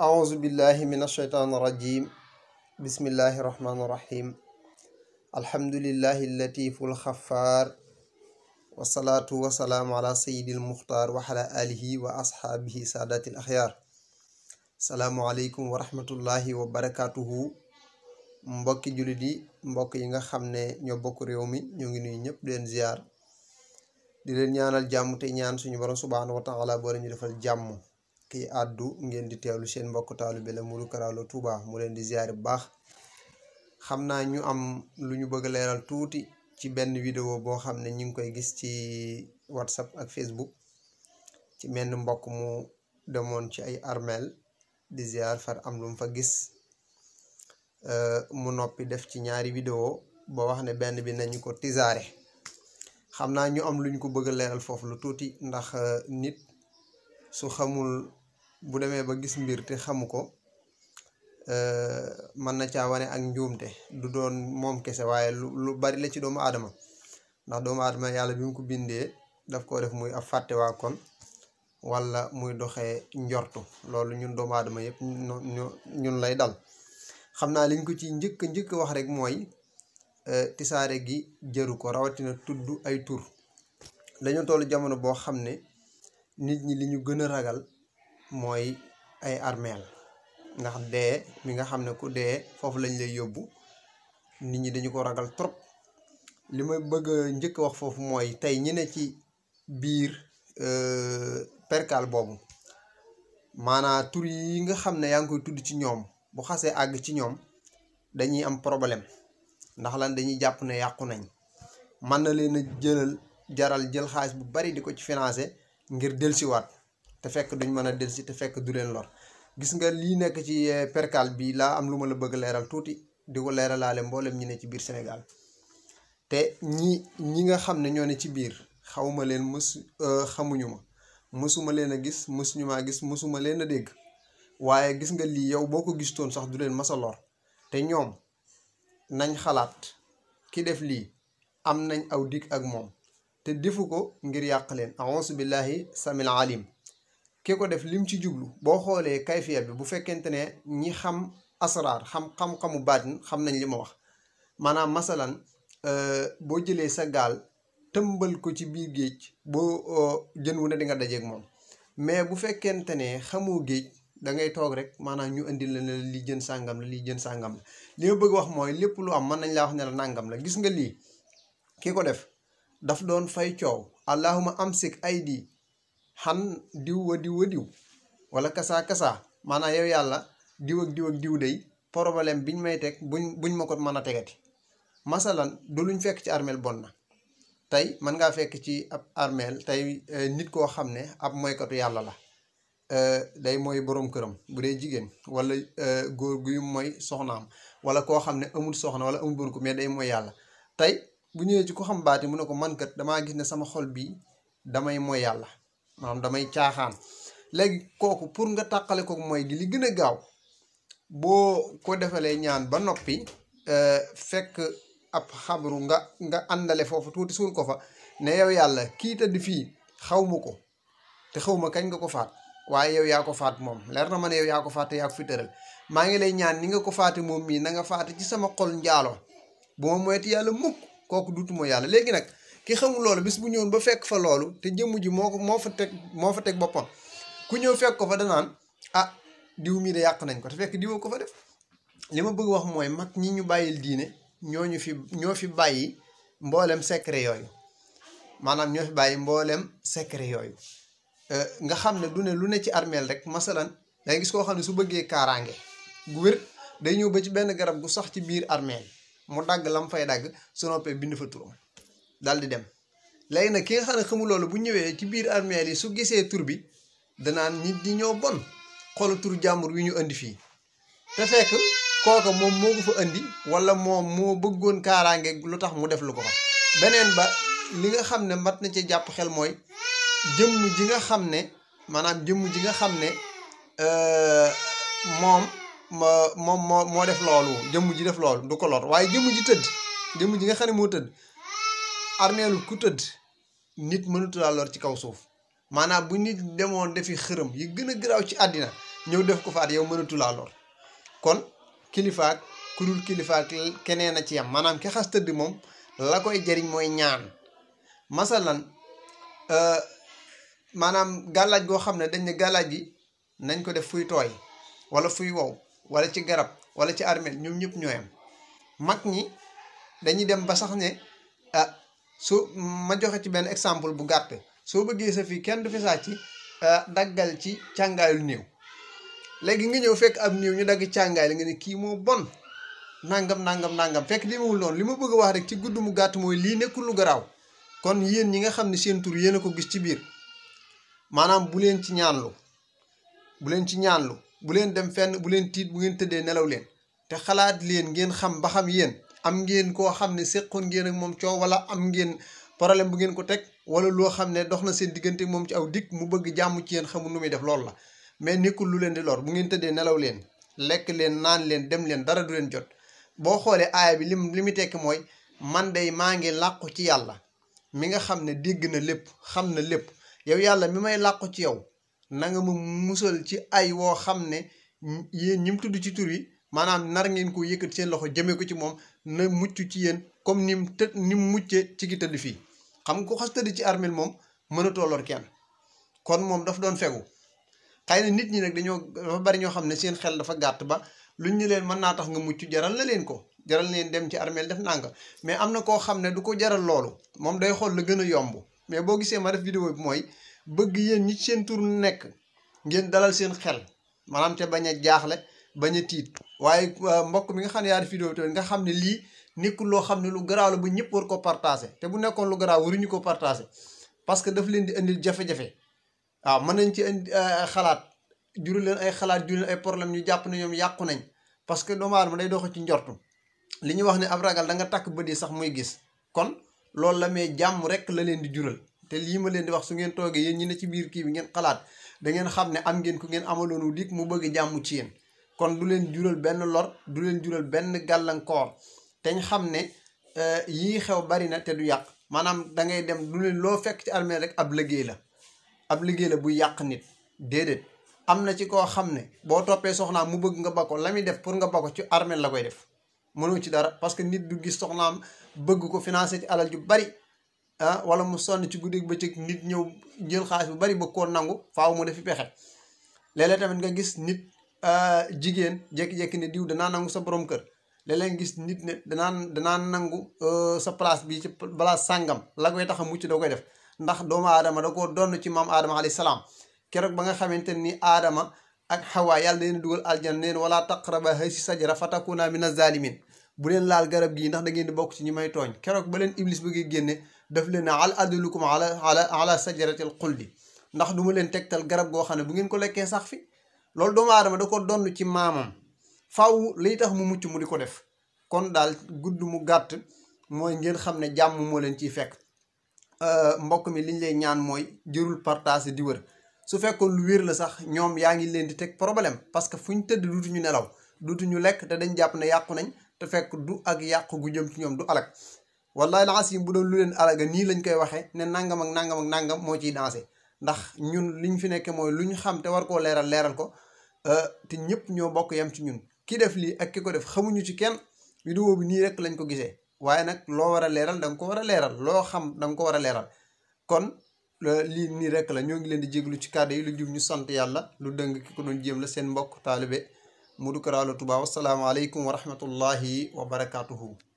أعوذ بالله من الشيطان الرجيم بسم الله الرحمن الرحيم الحمد لله اللطيف الخفار والصلاة والسلام على سيد المختار وعلى آله وأصحابه سادات الأخيار السلام عليكم ورحمة الله وبركاته mbokki jullit yi mbokk yi nga xam ne ñoo bokk réew mi ñu ngi nuyu ñëpp di leen ziar di leen ñaanal jàmm te ñaan suñu borom subhaanahu wa taala boole ñu defal jàmm kii àddu ngeen di teelu seen mbokk taalu bi la Modou Kara Lo Touba mu leen di ziare bu baax xam naa ñu am lu ñu bëgg leeral tuuti ci benn vidéo boo xam ne ñu ngi koy gis ci whatsapp ak facebook ci menn mbokk mu demoon ci ay armeel di ziar far lu mu fa gis mu noppi def ci ñaari vidéo ba wax ne benn bi nañu ko tisaare xam naa ñu am luñ ko bëgg leeral foofu lu tuuti ndax nit su xamul bu demee ba gis mbir te xamu ko eh, mën na caa wane ak njuumte du doon moom kese waaye lu lu bari la ci doomu aadama ndax doomu adama yàlla bi mu ko bindee daf koo def muy ab fàtte waa kon wala muy doxee njortu loolu ñun doomu aadama yëpp ñun lay dal xam naa liñ ko ci njëkk njëkk wax rek mooy eh, tisaare gi jëru ko rawatina tudd ay tur dañoo toll jamono boo xam ne nit ñi li ñu gën a ragal mooy ay armeel ndax dee mi nga xam ne ku dee foofu lañ lay yóbbu nit ñi dañu ko ragal trop li may bëgg a njëkk wax foofu mooy tey ñi ne ci biir euh, perkaal boobu maanaa tur yi nga xam ne yaa ngi koy tudd ci ñoom bu xasee àgg ci ñoom dañuy am problème ndax lan dañuy jàpp ne yàqu nañ mën na leen a jëlal jaral jël xaalis bu bari di ko ci financé ngir dellusiwaat te fekk duñ mën a delsi te fekk du leen lor gis nga lii nekk ci eh, percal bi laa am lu ma la bëgg leeral tuuti di ko leeralaale mboolem ñi ne ci biir Sénégal te ñi ñi nga xam ne ñoo ne ci biir xaw ma leen mës euh, xamuñu ma mësuma leen a gis mësuñu maa gis mësuma leen a dégg waaye gis nga lii yow boo ko gis toon sax du leen mas a lor te ñoom nañ xalaat ki def lii am nañ aw dig ak moom te defu ko ngir yàq leen auzu billahi samil alim ki ko def lim ci jublu boo xoolee kayfiya bi bu fekkente ne ñi xam asraar xam xam-xamu baatin xam nañ li ma wax maanaam masalan euh, boo jëlee sa gaal tëmbal ko ci biir géej boo euh, jën wu ne di nga dajeeg moom mais bu fekkente ne xamoo géej da toog rek maanaam ñu indil la lii jën sàngam lii jën sàngam li bëgg wax mooy lépp lu am mën nañ laa wax ne la nàngam la gis nga lii ki ko def daf doon fay coow allahuma amsik aydi xan diw wa diw wa diw wala kasaa kasaa maanaa yow yàlla diw ak diw ak diw day problème biñ may teg buñ buñ ma ko mën a tegati masalan du luñ fekk ci armeel bon na tey mën ngaa fekk ci ab armeel tey eh, nit koo xam ne ab moykatu yàlla la eh, day mooy boroom këram bu dee jigéen wala eh, góor guy mooy soxnaam wala koo xam ne amul soxna wala amul boroom ko mais day mooy yàlla tey bu ñëwee ci ko xam baati mu ne ko man kat damaa gis ne sama xol bi damay mooy yàlla maanaam damay caaxaan léegi kooku pour nga tàqale ko mooy gi li gën a gaaw boo koo defalee ñaan ba noppi euh, fekk ab xabru nga nga àndale foofu tuuti suul ko fa ne yow yàlla kii tëdd fii xawma ko te xaw ma kañ nga ko faat waaye yow yaa ko faat moom leer na ma ne yow yaa ko faat te fi tëral maa ngi lay ñaan ni nga ko faate moom mii na nga faate ci sama xol njaalo bu ma moytu yàlla mukk kooku dutuma yàlla léegi nag ki xamul loolu bis bu ñëwoon ba fekk fa loolu te jëmm ji moo ko moo fa teg moo fa teg boppam ku ñëw fekk ko fa danaan ah diw mii de yàq nañ ko te fekk diwoo ko fa def li ma bëgg wax mooy mag ñi ñu bàyyil diine ñoo ñu fi ñoo fi bàyyi mboolem secret yooyu maanaam ñoo fi bàyyi mboolem secret yooyu euh, nga xam ne du ne lu ne ci armeel rek masalan da gis koo xam ne su bëggee kaaraange gu wér day ñëw ba ci benn garab gu sax ci biir armeel mu dagg la mu fay dagg su noppee bind fa turam daal di dem léegi nag ki nga xam ne xamul loolu bu ñëwee ci biir armeel yi su gisee tur bi danaan nit ñi ñoo bon xool tur jàmbur wi ñu indi fii te fekk kooka moom moo ko fa indi wala moom moo bëggoon kaaraange lu tax mu def lu ko beneen ba li nga xam ne mat na ci jàpp xel mooy jëmm ji nga xam ne maanaam jëmm ji nga xam ne euh, moom moom moo moo def loolu jëmm ji def loolu du ko lor waaye jëmm ji tëdd jëmm ji nga xam ne moo tëdd armeelu ku tëdd nit mënutulaa lor ci kaw suuf maanaam bu nit demoon defi xërëm yi gën a garaaw ci àddina ñëw def ko faat yow mënatulaa lor kon kilifaak ku dul kilifaak keneen a ci yam maanaam ki xas moom la koy jariñ mooy ñaan masalan euh, maanaam gàllaaj goo xam ne dañ ne gàllaaj gi nañ ko def fuy tooy wala fuy wow wala ci garab wala ci armeel ñoom ñëpp ñooyam mag ñi dañuy dem ba sax ne ah, su ma joxe ci benn exemple bu gàtt soo bëggee sa fii kenn du fi ci euh, daggal ci càngaayul néew léegi nga ñëw fekk am néew ñu dagg càngaay la nga ne kii moo bon nangam nangam nangam fekk li mawul li ma bëgg a wax rek ci gudd mu gàtt mooy lii nekkul lu garaaw kon yéen ñi nga xam ne seen tur yéen a ko gis ci biir maanaam bu leen ci ñaanlu bu leen ci ñaanlu bu leen dem fenn bu leen tiit bu ngeen tëddee nelaw leen te xalaat leen ngeen xam ba xam yéen am ngeen koo xam ne séqoon ngeen ak moom coow wala am ngeen problème bu ngeen ko teg wala loo xam ne dox na seen diggante moom ci aw dikk mu bëgg jàmm ci yéen xamul nu muy def loolu la mais nekkul lu leen di lor bu ngeen tëddee nelaw leen lekk leen naan leen dem leen dara du leen jot boo xoolee aaya bi lim li mu tekki mooy man day maa ngi làqu ci yàlla mi nga xam ne dégg na lépp xam na lépp yow yàlla mi may làqu ci yow na nga ma musal ci ay woo xam ne yéen ñi mu tudd ci tur yi maanaam nar ngeen ko yëkkat seen loxo jëmee ko ci moom na mucc ci yéen comme ni mu të ni mu muccee ci ki tëdd fii xam nga ko xas tëdd ci armel moom mën a tolloor kenn kon moom daf doon fegu xëy na nit ñi nag dañoo dafa bari ñoo xam ne seen xel dafa gàtt ba luñ ñu leen mën naa tax nga mucc jaral la leen ko jaral leen dem ci armel def nanga mais am na koo xam ne du ko jaral loolu moom day xool la gën a yomb mais boo gisee ma def vidéo mooy bëgg yéen ñi seen tur nekk ngeen dalal seen xel maanaam te bañ a jaaxle bañ a tiit waaye euh, mbokk mi nga xam ne yaa def vidéo tamit nga xam ne lii nekkul loo xam ne lu garaaw la ba ñëpp war ko partagé te bu nekkoon lu garaaw waruñu ko partagé parce que daf leen di indil jafe-jafe waaw mën nañ ci indi euh, xalaat juru leen ay xalaat juru ay problème ñu jàpp ne ñoom yàqu nañ parce que doomu aadama day dox ci njortu li ñuy wax ne ab ragal da nga takk bët yi sax muy gis kon loolu la mais jàmm rek la leen di jural te lii ma leen di wax su ngeen toogee yéen ñi ne ci biir kii bi ngeen xalaat dangeen xam ne am ngeen ku ngeen amaloon wu mu bëgg jàmm ci yéen kon du len jural ben lor du len jural ben galankor te xamne xam eh, yii xew bari na te du yak manam da ngay dem du len loo fek ci armée rek ab liggéey la ab liggéey la bu yak nit dedet amna ci ko xamne bo topé soxna mu bëgg nga bako def pour nga bako ci armée la koy def mënu ci dara parce que nit du gis soxnaam bëgg ko financer ci alal ju bari ah wala mu sonn ci guddi ba ci nit ñew jël xaalis bu bari ba ko nangu faaw mu def fi pexé lélé tamit nga gis nit. jigéen jékki-jékki ne diw danaa nangu sa borom kër léeg-léeg gis nit ne danaa danaa nangu euh, sa place bi ci place sàngam la koy tax a mucc da koy def ndax doomu aadama da koo donn ci maam aadama alayhi salaam ba nga xamante ni aadama ak xawaa yàlla leen dugal aljan neen wala taqraba hay si sajara fatakuna min azalimin bu leen laal garab gii ndax da ngeen di bokk ci ñi may tooñ keroog ba leen iblis bëggee génne daf leen ne al adulukum ala ala ala sajaratil xuldi ndax du ma leen tegtal garab goo xam ne bu ngeen ko lekkee sax fi loolu doomu aadama da ko donn ci maamam faw liy tax mu mucc mu di ko def kon daal gudd mu gàtt mooy ngeen xam ne jàmm moo leen ciy fekk euh, mbokk mi liñ lay ñaan mooy jërul partage di wër su fekkoon lu wér la sax ñoom yaa ngi leen di teg problème parce que fu ñu tëdd duutuñu nelaw duutuñu lekk te dañ jàpp ne yàqu nañ te fekk du ak yàqu gu jëm ci ñoom du alak wallahi laasim bu doon lu leen alaga nii lañ koy waxee ne nangam ak nangam ak nangam moo ciy dansé ndax ñun liñ fi nekkee mooy lu ñu xam te war koo leeral leeral ko Euh, te ñëpp ñoo bokk yam ci ñun ki def lii ak ki ko def xamuñu ci kenn vidéo bi nii rek lañ ko gisee waaye nag loo war a leeral da nga ko war a leeral loo xam danga ko war a leeral kon lii nii rek la ñoo ngi leen di jéglu ci kàddu yi lu jub ñu sant yàlla lu dëng ki ko doon jéem la seen mbokk taalibe Modou Kara a Touba wasalaamaaleykum wa rahmatullahi wa barakaatuhu